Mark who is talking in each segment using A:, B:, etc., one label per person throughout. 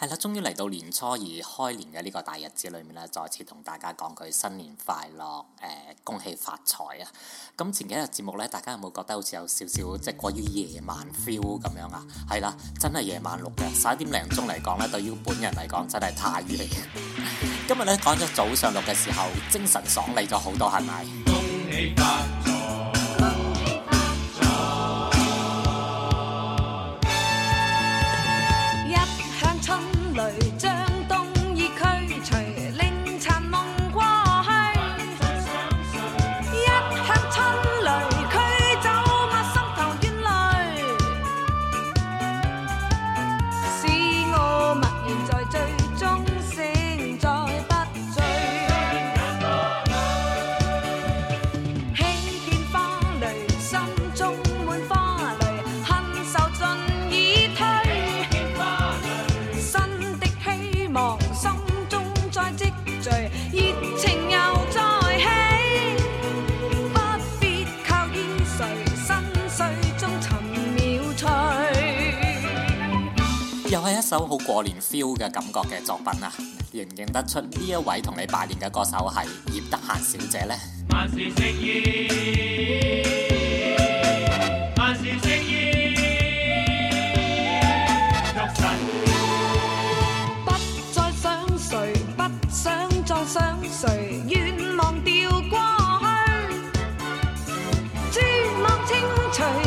A: 係啦，終於嚟到年初二開年嘅呢個大日子裏面咧，再次同大家講句新年快樂，誒、呃、恭喜發財啊！咁前幾日節目咧，大家有冇覺得好似有少少即係過於夜晚 feel 咁樣啊？係啦，真係夜晚錄嘅十一點零鐘嚟講咧，對於本人嚟 講真係太熱嘅。今日咧講咗早上錄嘅時候，精神爽利咗好多，係咪？恭喜
B: 熱情又再起，不必靠於誰心碎中尋妙趣。
A: 又係一首好過年 feel 嘅感覺嘅作品啊！認唔認得出呢一位同你拜年嘅歌手係葉德嫻小姐呢？萬事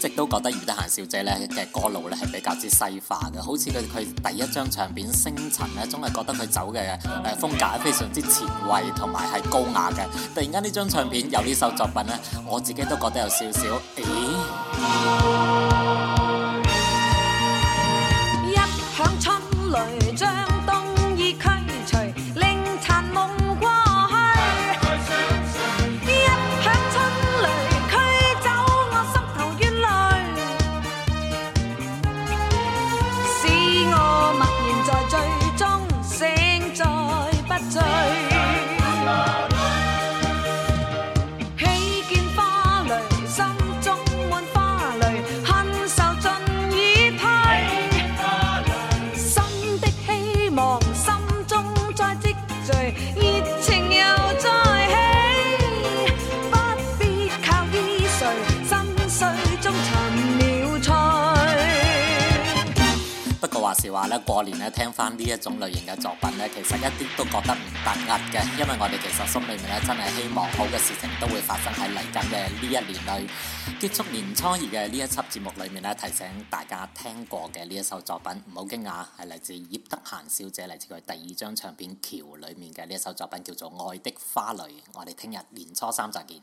A: 一直都覺得余德嫻小姐咧嘅歌路咧係比較之西化嘅，好似佢佢第一張唱片《星塵》咧，總係覺得佢走嘅誒風格係非常之前衛同埋係高雅嘅。突然間呢張唱片有呢首作品咧，我自己都覺得有少少咦。欸話咧過年咧聽翻呢一種類型嘅作品咧，其實一啲都覺得唔突兀嘅，因為我哋其實心裏面咧真係希望好嘅事情都會發生喺嚟緊嘅呢一年內。結束年初二嘅呢一輯節目裏面咧，提醒大家聽過嘅呢一首作品，唔好驚訝，係嚟自葉德嫻小姐嚟自佢第二張唱片《橋》裏面嘅呢一首作品，叫做《愛的花蕾》。我哋聽日年初三再見。